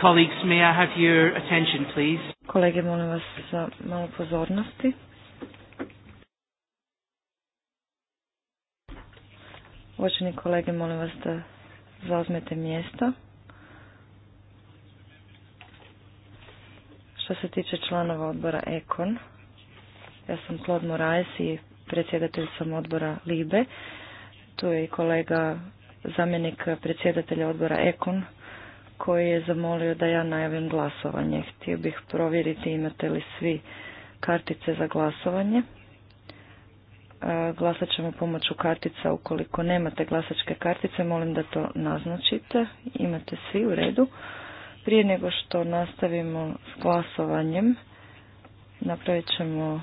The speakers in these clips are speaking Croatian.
Colleagues, may I have your attention, please? Kolege, molim vas za malo pozornosti. Uvaženi kolege, molim vas da zauzmete mjesto. Što se tiče članova odbora Ekon, ja sam Claude Moraes i predsjedatelj sam odbora Libe. Tu je i kolega zamjenik predsjedatelja odbora Ekon, koji je zamolio da ja najavim glasovanje. Htio bih provjeriti imate li svi kartice za glasovanje. E, glasat ćemo pomoću kartica. Ukoliko nemate glasačke kartice, molim da to naznačite. Imate svi u redu. Prije nego što nastavimo s glasovanjem, napravit ćemo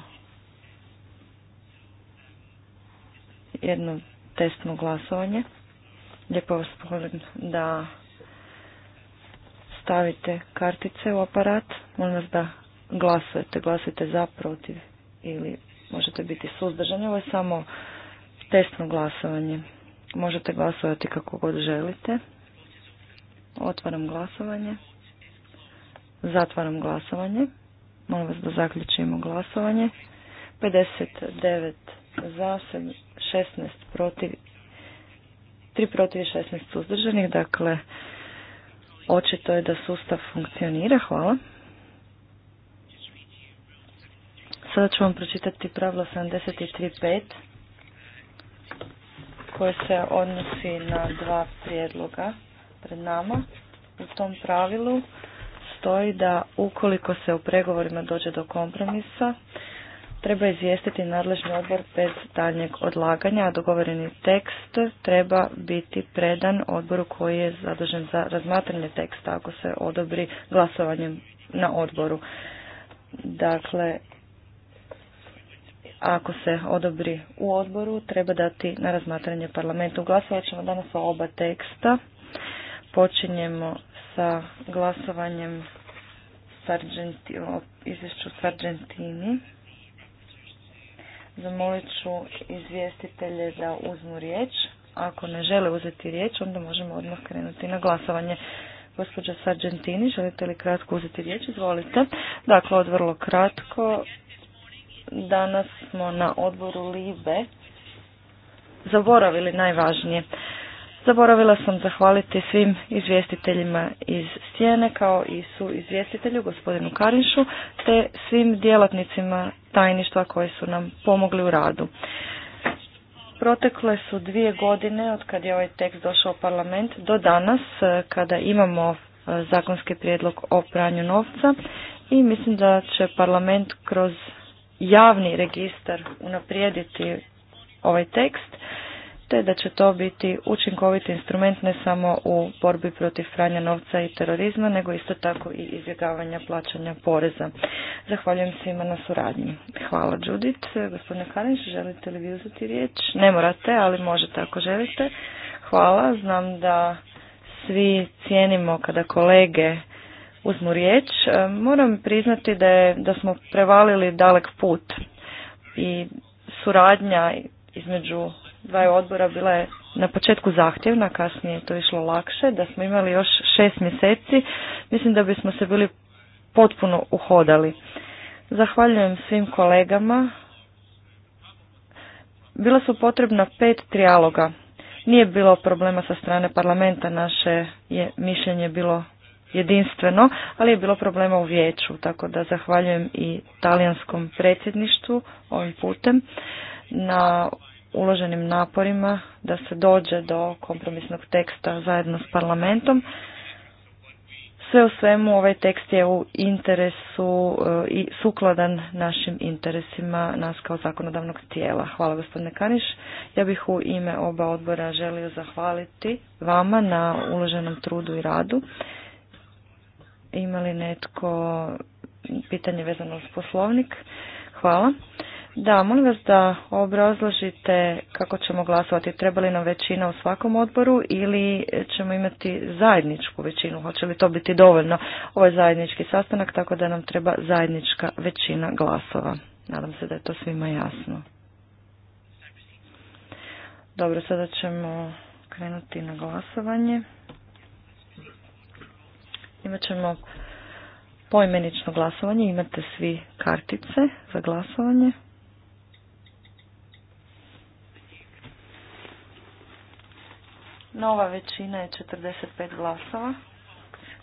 jedno testno glasovanje. Lijepo vas da stavite kartice u aparat. Molim vas da glasujete, glasujete za, protiv ili možete biti suzdržani. Ovo je samo testno glasovanje. Možete glasovati kako god želite. Otvaram glasovanje. Zatvaram glasovanje. Molim vas da zaključimo glasovanje. 59 za, 16 protiv, 3 protiv i 16 suzdržanih. Dakle, Očito je da sustav funkcionira. Hvala. Sada ću vam pročitati pravilo 73.5 koje se odnosi na dva prijedloga pred nama. U tom pravilu stoji da ukoliko se u pregovorima dođe do kompromisa, treba izvijestiti nadležni odbor bez daljnjeg odlaganja, a dogovoreni tekst treba biti predan odboru koji je zadužen za razmatranje teksta ako se odobri glasovanjem na odboru. Dakle, ako se odobri u odboru, treba dati na razmatranje parlamentu. Glasovat ćemo danas o oba teksta. Počinjemo sa glasovanjem o izvješću Sargentini. Zamolit ću izvjestitelje da uzmu riječ. Ako ne žele uzeti riječ, onda možemo odmah krenuti na glasovanje. Gospođa Sargentini, želite li kratko uzeti riječ? Izvolite. Dakle, od vrlo kratko. Danas smo na odboru Libe zaboravili najvažnije. Zaboravila sam zahvaliti svim izvjestiteljima iz Sjene kao i su izvjestitelju gospodinu Karinšu te svim djelatnicima tajništva koji su nam pomogli u radu. Protekle su dvije godine od kad je ovaj tekst došao u parlament do danas e, kada imamo e, zakonski prijedlog o pranju novca i mislim da će parlament kroz javni registar unaprijediti ovaj tekst te da će to biti učinkoviti instrument ne samo u borbi protiv pranja novca i terorizma, nego isto tako i izbjegavanja plaćanja poreza. Zahvaljujem svima na suradnji. Hvala Judith. Gospodine Karinš, želite li vi uzeti riječ? Ne morate, ali možete ako želite. Hvala, znam da svi cijenimo kada kolege uzmu riječ. Moram priznati da, je, da smo prevalili dalek put i suradnja između dva odbora bila je na početku zahtjevna, kasnije je to išlo lakše, da smo imali još šest mjeseci, mislim da bismo se bili potpuno uhodali. Zahvaljujem svim kolegama. Bila su potrebna pet trijaloga. Nije bilo problema sa strane parlamenta, naše je mišljenje bilo jedinstveno, ali je bilo problema u vijeću, tako da zahvaljujem i talijanskom predsjedništvu ovim putem na uloženim naporima da se dođe do kompromisnog teksta zajedno s parlamentom. Sve u svemu ovaj tekst je u interesu e, i sukladan našim interesima nas kao zakonodavnog tijela. Hvala gospodine Kaniš. Ja bih u ime oba odbora želio zahvaliti vama na uloženom trudu i radu. Ima li netko pitanje vezano uz poslovnik? Hvala. Da, molim vas da obrazložite kako ćemo glasovati. Treba li nam većina u svakom odboru ili ćemo imati zajedničku većinu? Hoće li to biti dovoljno? Ovo je zajednički sastanak, tako da nam treba zajednička većina glasova. Nadam se da je to svima jasno. Dobro, sada ćemo krenuti na glasovanje. ćemo poimenično glasovanje. Imate svi kartice za glasovanje. Nova većina je 45 glasova.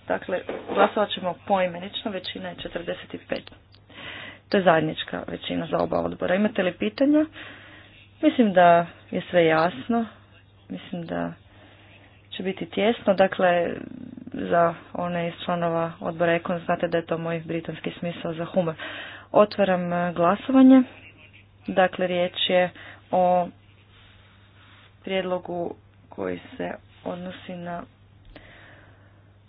Dakle, glasovat ćemo poimenično, većina je 45. To je zajednička većina za oba odbora. Imate li pitanja? Mislim da je sve jasno. Mislim da će biti tjesno. Dakle, za one iz članova odbora Ekon znate da je to moj britanski smisao za humor. Otvaram eh, glasovanje. Dakle, riječ je o prijedlogu koji se odnosi na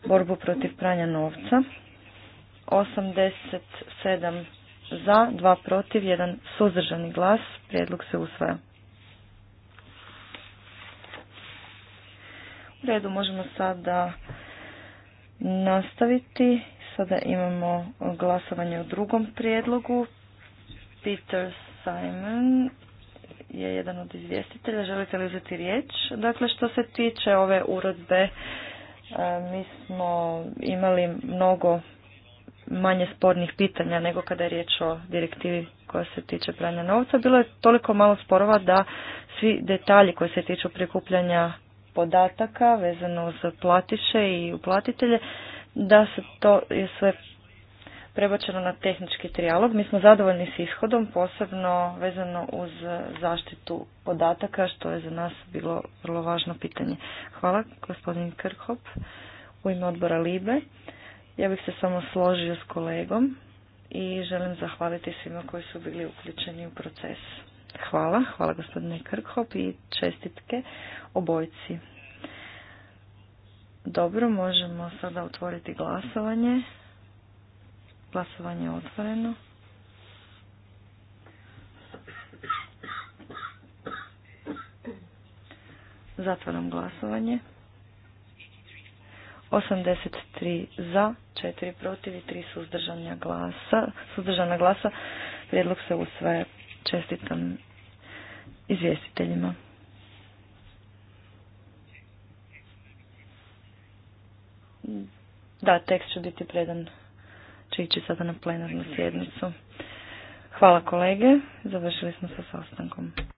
borbu protiv pranja novca. 87 za, 2 protiv, 1 suzdržani glas. Prijedlog se usvaja. U redu možemo sada nastaviti. Sada imamo glasovanje u drugom prijedlogu. Peter Simon je jedan od izvjestitelja. Želite li uzeti riječ? Dakle, što se tiče ove urodbe, e, mi smo imali mnogo manje spornih pitanja nego kada je riječ o direktivi koja se tiče pranja novca. Bilo je toliko malo sporova da svi detalji koji se tiču prikupljanja podataka vezano uz platiše i uplatitelje, da se to je sve prebačeno na tehnički trijalog. Mi smo zadovoljni s ishodom, posebno vezano uz zaštitu podataka, što je za nas bilo vrlo važno pitanje. Hvala, gospodin Krhop, u ime odbora Libe. Ja bih se samo složio s kolegom i želim zahvaliti svima koji su bili uključeni u proces. Hvala, hvala gospodine Krkhop i čestitke obojci. Dobro, možemo sada otvoriti glasovanje. Glasovanje je otvoreno. Zatvaram glasovanje. 83 za, 4 protiv i 3 suzdržana glasa. Suzdržana glasa. Prijedlog se usvaja. Čestitam izvjestiteljima. Da, tekst će biti predan će ići sada na plenarnu sjednicu. Hvala kolege, završili smo sa sastankom.